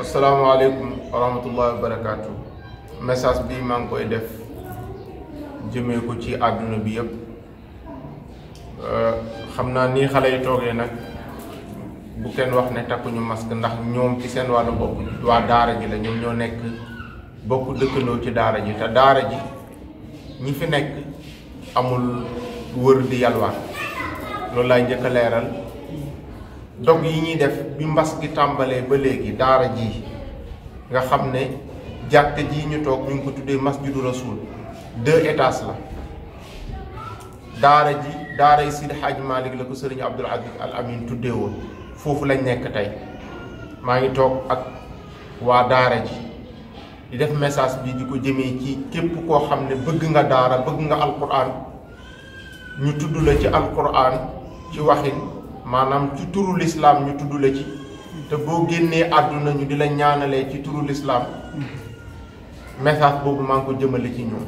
asalaamaaleykum wa rahmatullahi wa barakaatu message bi maa ngi koy def jëmee ko ci àdduna bi yëpp euh, xam naa ni xale yi toogee nag bu kenn wax ne takkuñu masque ndax ñoom ci seen wàllu bopp waa daara ji la ñoo nekk bokk dëkkandoo ci daara ji te daara ji ñi fi nekk amul wër di yalwaan loolu laay njëkk leeral. dog yi ñuy def bi mbas gi tàmbalee ba léegi daara ji nga xam ne jàkk ji ñu toog ñu ngi ko tuddee masjidu rasul deux étages la daara ji daara yi Sidi Hadj Malick la ko sëriñ Abdoul Aziz Al Amin tuddee woon foofu lañ nekk tey maa ngi toog ak waa daara ji di def message bi di ko jëmee ci képp koo xam ne bëgg nga daara bëgg nga alquran ñu tudd la ci alquran ci waxin maanaam ci turu lislaam ñu tudd la ci te boo génnee àdduna ñu di la ñaanalee ci turu lislaam message boobu maa ngi ko jëmale ci ñoom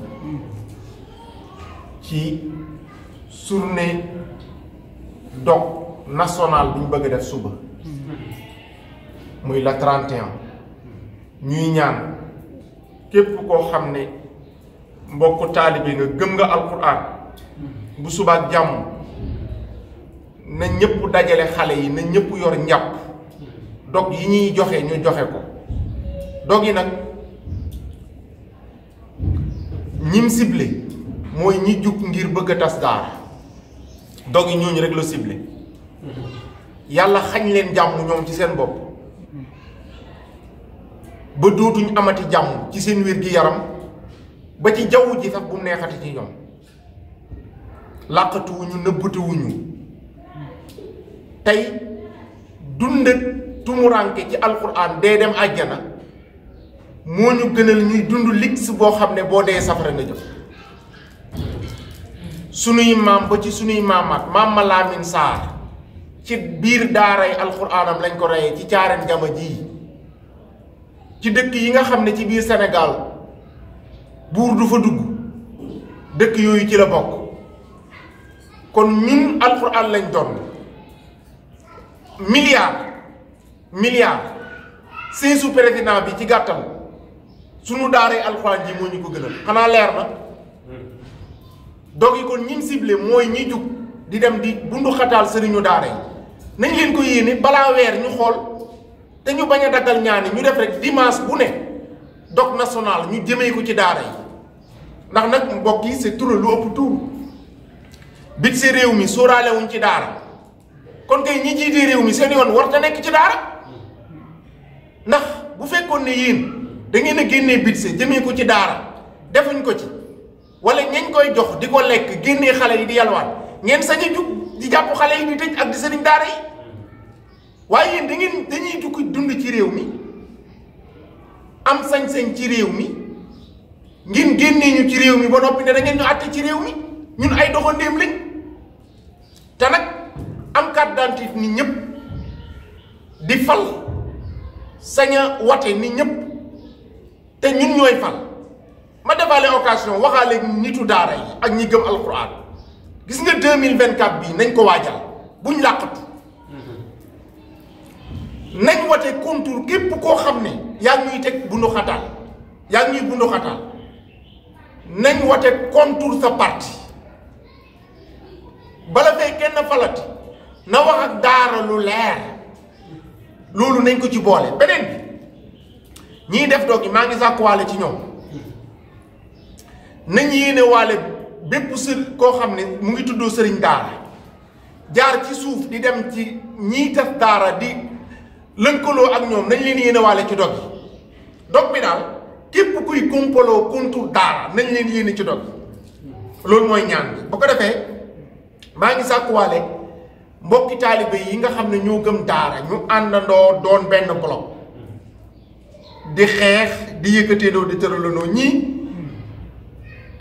ci journée dog nationale bu ñu bëgg def suba muy la 31 ñuy ñaan képp koo xam ne mbokk taalibe nga gëm nga alquran bu subaak jàmm na ñëpp dajale xale yi na ñëpp yor njàpp dog yi ñuy joxe ñu joxe ko dog nag ñim sible mooy ñi jug ngir bëgg a tas daara dog ñooñu rek la ciblé yàlla xañ leen jàmm ñoom ci seen bopp ba dootuñ amati jàmm ci seen wér gi yaram ba ci jaww ji sax bu neexati ci ñoom làqatuwuñu nëbbatuwuñu tey dund ak tumuranke ci alquran dee dem àjjana moo ñu gënal ñuy dund liggs boo xam ne boo dee safara nga jëf sunuy maam ba ci sunuy maamaat maam ma Laamin Saar ci biir daaray alxuraanam lañ ko reyee ci caaren jama ji ci dëkk yi nga xam ne ci biir Sénégal buur du fa dugg dëkk yooyu ci la bokk kon ñun alxuraan lañ doon milliard milliard seesu président bi ci gàttal sunu daaree alxuraan ji moo ñu ko gënal xanaa leer na doogi ko ñim sible mooy ñi jug di dem di bundu sëriñu daara yi nañ leen ko yéene balaa weer ñu xool te ñu bañ a daggal ñaani ñu def rek dimanche bu ne dog national ñu jëmee ko ci daara yi ndax nag mbokk yi c'est tout lu ëpp tuur bit si réew mi soo wuñ ci daara kon kay ñi jiite réew mi seen yoon war ta nekk ci daara ndax bu fekkoon ne yéen dangeen ngeen a génnee budget jëmee ko ci daara defuñ ko ci wala ñañ koy jox di ko lekk génnee xale yi di yalwaan ngeen sañ a di jàpp xale yi di tëj ak di sëriñ daara yi waaye yéen da ngeen dañuy tukki dund ci réew mi am sañ-sañ ci réew mi ngeen génnee ñu ci réew mi ba noppi ne da ñu àtte ci réew mi ñun ay doxandéem lañ. coopérative ni ñëpp di fal sañ wate ni ñëpp te ñun ñooy fal ma defaale occasion waxaale nitu daara yi ak ñi gëm alquran gis nga deux mille vingt quatre bii nañ ko waajal buñ làqatu nañ wate contour képp koo xam ne yaa ngi ñuy teg bundu xataal yaa ngi ñuy bundu nañ wate contour sa parti bala fay kenn falati na wax ak daara leer loolu nañ ko ci boole beneen bi ñiy def doog yi maa ngi sàkkuwaale ci ñoom nañ yéene waale bépp sër koo xam ne mu ngi tuddoo sëriñ daara jaar ci suuf di dem ci ñiy def daara di lënkaloo ak ñoom nañ leen yéene ci dog yi dog bi daal képp kuy kompaloo kontu daara nañ leen yéene ci dog loolu mooy ñaan bi bu ko defee maa ngi sàkkuwaale mbokki taalibe yi nga xam ne ñoo gëm daara ñu àndandoo doon benn bloc di xeex di yëkkateendoo di tëralandoo ñii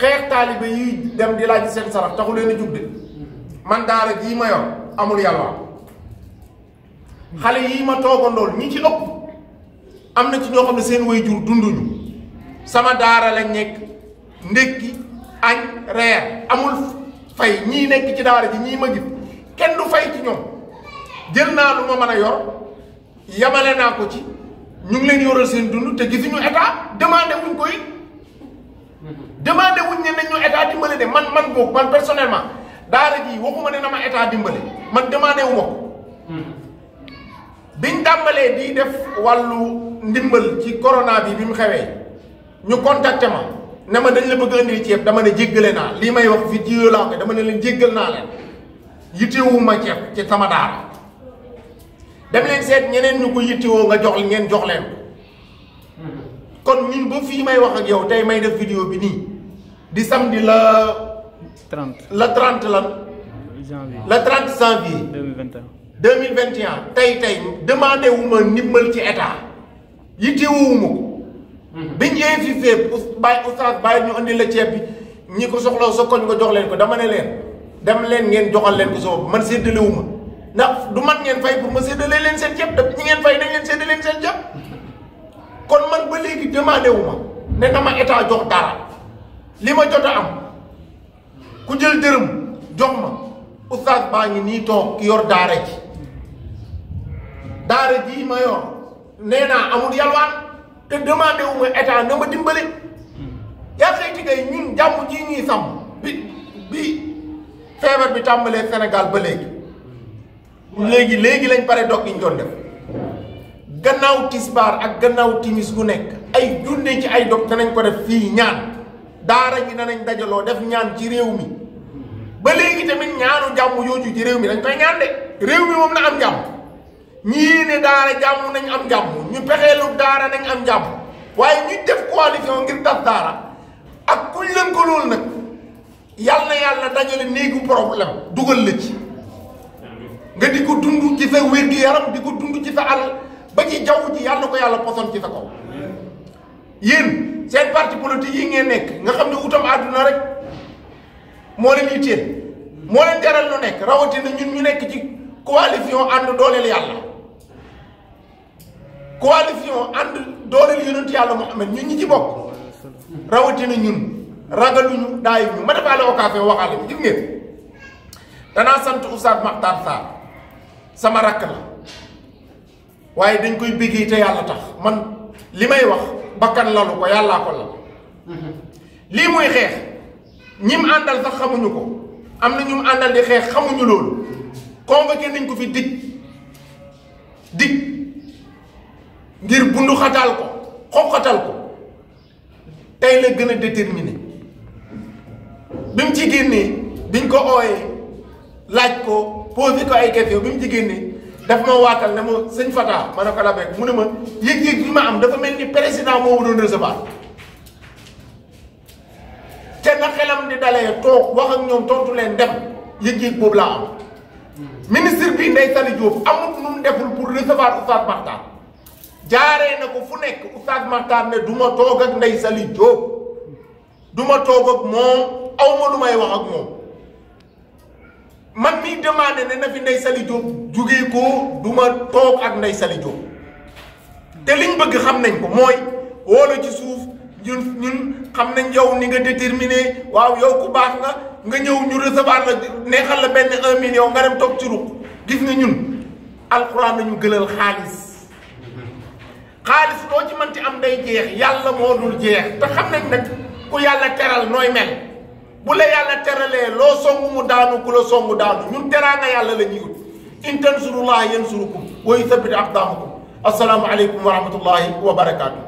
xeex taalibe yi dem di laaj seen sarax taxu leen a de man daara jii ma amul yàlla xale yi ma toogandool ñi ci ëpp am na ci ñoo xam ne seen waajur dunduñu sama daara la nekk ndékki añ reer amul fay ñii nekk ci daara ji ñii ma gis kenn du fay ci ñoom naa lu ma man a yor yamale naa ko ci ñu ngi leen yoral seen dund te gisuñu état demandé wuñ ko it demandé wuñ ne nañ ñu dimbale de man man boobu man personnellement daara ji ne na ma état dimbale man demandé wu ma ko biñ tàmbalee di def wàllu ndimbal ci corona bi bi mu xewee ñu contacté ma ne ma dañ la bëgg a indil ceeb dama ne jéggale naa lii may wax fii jiw laa dama ne leen jéggal naa leen. yittewuma ci ci sama daara dem leen seet ñeneen ñu ko yittewoo nga jox ngeen jox leen kon ñun ba fii may wax ak yow tey may def vidéo bi nii di samedi la. trent la 30 lan. janvier la 30 janvier. 2021 2021 tey tey demandé wu ma ndimbal ci état yittewuma ko. Mhm. biñ yee fi fépp oust bàyyi oustaz ñu andi la ceeb bi ñi ko soxla sa koñ nga jox leen ko dama ne leen. dem leen ngeen joxal leen ko sama man séddale wu ma ndax du man ngeen fay pour ma séddale leen seen ceeb daf ñi ngeen fay dañ leen séddale leen seen man ba léegi demandé wu ma ne na ma état jox dara ma jot a am ku jël dërëm ngi nii toog ki yor daara ji daara ji ma yor nee naa amul ñun jàmm ji ñuy sàmm bi bi feebar bi tàmbalee senegal ba léegi léegi léegi lañ pare dog yi ñu doon def gannaaw tisbaar ak gannaaw timis gu nekk ay junne ci ay dog nañ ko def fii ñaan daara ji danañ dajaloo def ñaan ci réew mi ba léegi tamit ñaanu jàmm yooju ci réew mi dañ koy ñaan de réew mi moom na am jàmm ñi yéene daara jàmm nañ am jàmm ñu pexeelu daara nañ am jàmm waaye ñu def coalition ngir tas daara ak kuñ lënkalool nag yàlla na yàlla dajale néegu problème dugal la ci nga di ko dund ci sa wér gi yaram di ko dund ci sa àll ba ci jaww ji yàlla na ko yàlla poson ci sa kaw yéen seen parti politique yi ngeen nekk nga xam ne utam àdduna rek moo leen yitteel moo leen jaral lu nekk na ñun ñu nekk ci coalition ànd dooleel yàlla coalition ànd dooleel yonent yàlla Muhammad ñun ñi ci bokk rawatina ñun ragaluñu daay ñu ma defaale occasion waxaale bi gis ngeen danaa sant Oustaz Makhtar Sarr sama rakk la waaye dañ koy bëggee te yàlla tax man li may wax bakkan lalu ko yàllaa ko lal lii muy xeex ñim àndal sax xamuñu ko am na ñum àndal di xeex xamuñu loolu convoqué nañ ko fi dig dig ngir bundu xataal ko xatal ko tey la gën a déterminé bi mu ci génnee biñ ko ooyee laaj ko posé ko ay questions bi mu ci génnee daf ma waatal ne ma sëñ Fata ma ne ko la bekk mu ne ma yëg-yëg bi ma am dafa mel ni président moo doon recevoir te na xelam di dalee toog wax ak ñoom tontu leen dem yëg-yëg boobu laa am ministre bi Ndeye Saly Diop amut nu mu deful pour recevoir Oustaz Makhtar jaaree na ko fu nekk Oustaz Makhtar ne du ma toog ak Ndeye Saly Diop du toog ak moom aw ma moom man miy demandé ne na fi Ndeye Saly Diop ko du ma toog ak Ndeye Saly te liñ bëgg xam nañ ko mooy woola ci suuf ñun ñun xam nañ yow ni nga déterminé waaw yow ku baax nga nga ñëw ñu recevoir la neexal la benn un million nga dem toog ci ruq gis nga ñun alxuraan nañu gëlal xaalis xaalis loo ci mënti am day jeex yàlla moo dul jeex te xam nañ nag ku yàlla teral nooy mel bu la yàlla teralee loo songu mu daanu ku la songu daanu ñun teraanga yàlla la ñuy ut in tansurullaha yansurukum wa yuthabbit aqdamakum assalaamu aleykum wa rahmatullahi wa barakaatu